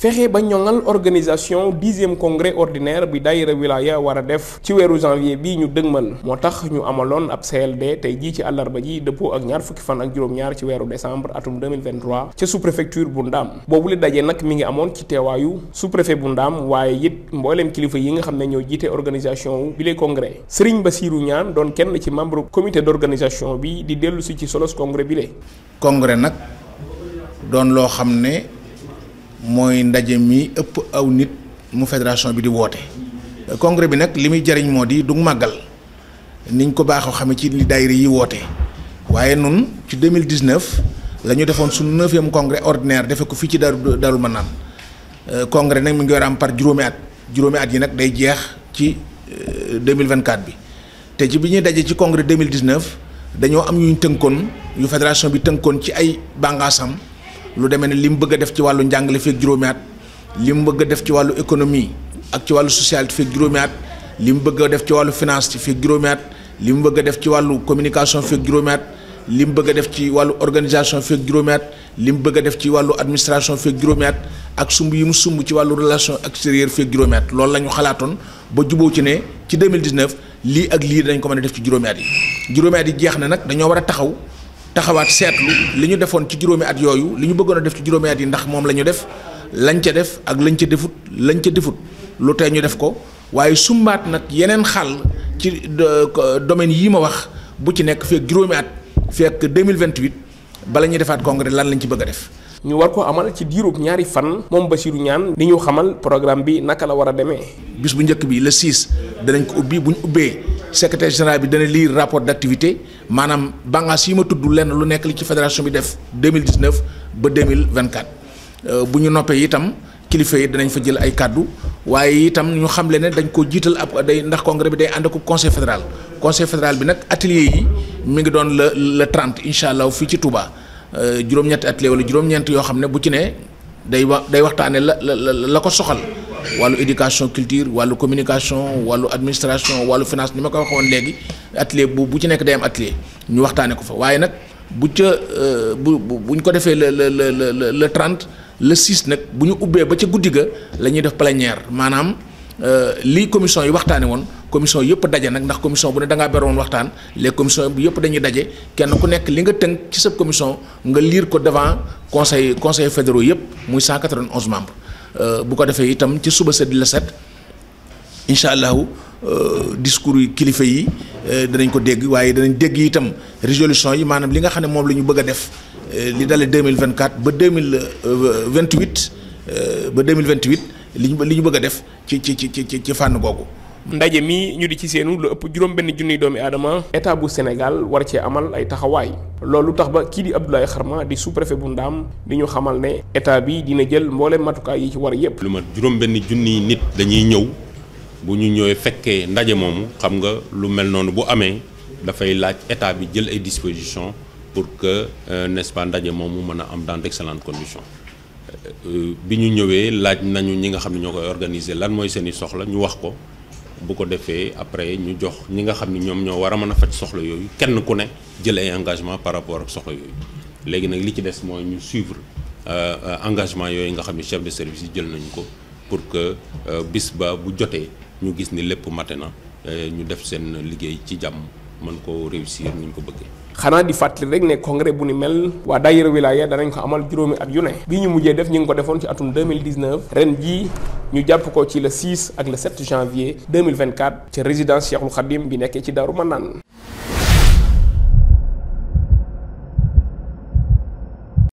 fexe ba ñoŋal organisation dixième congrès ordinaire bi daayira wilaya war a def ci weeru janvier bi ñu dëgmal moo tax ñu amaloon ab CLD tey jii ci àllarba ji dëppoo ak ñaar fukki fan ak juróom-ñaar ci weeru décembre atum 2023 ca sous-préfecture bu Ndaam boobule daje nag mi ngi amoon ci teewaayu sous-préfet bu Ndaam waaye it mbooleem kilifa yi nga xam ne ñoo jiite organisation wu bile congrès ba Bassirou ñaan doon kenn ci membre comité d'organisation bi di dellu si ci solos congrès bile. congrès nag doon loo xam ne mooy ndaje mii ëpp aw nit mu fédération bi di woote congrès bi nag li muy jariñ moo di du màggal niñ ko baax baaxoo xame ci li daayira yi woote waaye noonu ci deux 2019 la ñu defoon su neuvième congrès ordinaire defe ko fii ci dar daru mën naan euh, congrès nag mu ngi war am par juróomi at juróomi at yi nag day jeex ci euh, mille vingt 2024 bi te ci bi ñuy daje ci congrès 2019 dañoo am yuñ tënkoon yu fédération bi tënkoon ci ay bàngaasam lu demee ne li mu bëgg a def ci wàllu njàngale feeg juróomi at li mu bëgg a def ci wàllu économie ak ci wàllu socialité feeg juróomi at li mu bëgg a def ci wàllu finance feeg juróomi at li mu bëgg a def ci wàllu communication feeg juróomi at li mu bëgg a def ci wàllu organisation feeg juróomi at li mu bëgg a def ci wàllu administration feeg juróomi at ak sumb yi mu sumb ci wàllu relation extérieure feeg juróomi at loolu la ñu xalaatoon ba jubóo ci ne ci 2019 lii ak lii dañ ko mën a def ci juróomi at yi juróomi at yi jeex na nag dañoo war a taxaw taxawaat seetlu li ñu defoon ci juróomi at yooyu li ñu bëggoona def ci juróomi at yi ndax moom la ñu def lañ ca def ak lañ ca defut lañ ca defut lu tey ñu def ko waaye sumbaat nag yeneen xàll ci domaine yii ma wax bu ci nekk fekk juróomi at fekk 2028 bala ñuy defaat congrès lan lañ ci bëgg a def. ñu war ko amal ci diirub ñaari fan moom Bassirou ñaan li ñu xamal programme bi naka la war a demee. bis bu njëkk bi le 6 danañ ko ubbi bu ñu ubbee. secrétaire général bi dana lire rapport d'activité maanaam bànqaas yi ma tudd lenn lu nekk li ci fédération bi def 2019 ba 2024 euh, bu ñu noppee itam kilifa yi danañ fa jël ay kàddu waaye itam ñu xamle ne dañ ko jiital ab day ndax congrès bi day ànd ak ko conseil fédéral conseil fédéral bi nag atelier yi mu ngi doon le le 30 incha allah fii ci Touba euh, juróom-ñetti atelier wala juróom-ñeent yoo xam ne bu ci ne day wax day waxtaane la la la ko soxal wàllu éducation culture wàllu communication wàllu administration wàllu finance ni ma ko waxoon léegi atelier bu bu ci nekk day am atelier ñu waxtaane ko fa waaye nag bu ca euh, bu bu bu ñu ko defee le le le le le trente le six nag bu ñu ubbee ba ca guddi ga la ñuy def plénière maanaam euh, lii commission yi waxtaane woon commission yëpp daje nag ndax commission bu ne da ngaa beroon waxtaan les commissions yëpp dañuy daje kenn ku nekk li nga tënk ci sa commission nga liir ko devant conseil conseil fédéraux yëpp muy 191 membres. Euh, bu ko defee itam ci suba sedd di la set incha allahu euh, discours yi kilifa yi euh, danañ ko dégg waaye danañ dégg itam résolution yi maanaam li nga xam ne moom la ñu bëgg a def li dalee deux mille vingt quatre ba deux mille vingt huit ba deux mille vingt li ñu li ñu bëgg a def ci ci ci ci ci fànn googu. ndaje mi ñu di ci seenu lu ëpp juróom benn junniy doomi aadama état bu Sénégal war cee amal ay taxawaay loolu tax ba kii di Abdoulaye Kharma di sous-préfet bu Ndaam di ñu xamal ne état bi dina jël mboolem matukaay yi ci war yépp lu mat juróom benn junniy nit dañuy ñëw bu ñu ñëwee fekkee ndaje moomu xam nga lu mel noonu bu amee dafay laaj état bi jël ay dispositions pour que euh, n'est-ce mën a am dans d'excellentes conditions euh, euh, bi ñu ñëwee laaj nañu ñi nga xam ne ñoo koy organiser lan mooy seeni soxla ñu wax ko bu ko defee après ñu jox ñi nga xam ni ñoom ñoo war a mën a faj soxla yooyu kenn ku ne jël engagement par rapport ak soxla yooyu léegi nag li ci des mooy ñu suivre euh, engagement yooyu nga xam ni chef de service yi jël nañu ko pour que euh, bis ba bu jotee ñu gis ni lépp mate na euh, ñu def seen liggéey ci jàmm mën ko réussir ni ñu ko bëggee xanaa di fàttali rek ne congrès bu ni mel waa daayira wilaya danañ ko amal juróomi at yu ne bi ñu mujjee def ñu ngi ko defoon ci atum 2019 ren jii ñu jàpp ko ci le 6 ak le 7 janvier 2024 ca résidence Cheikhul Khadim bi nekkee ci Daaru Manaan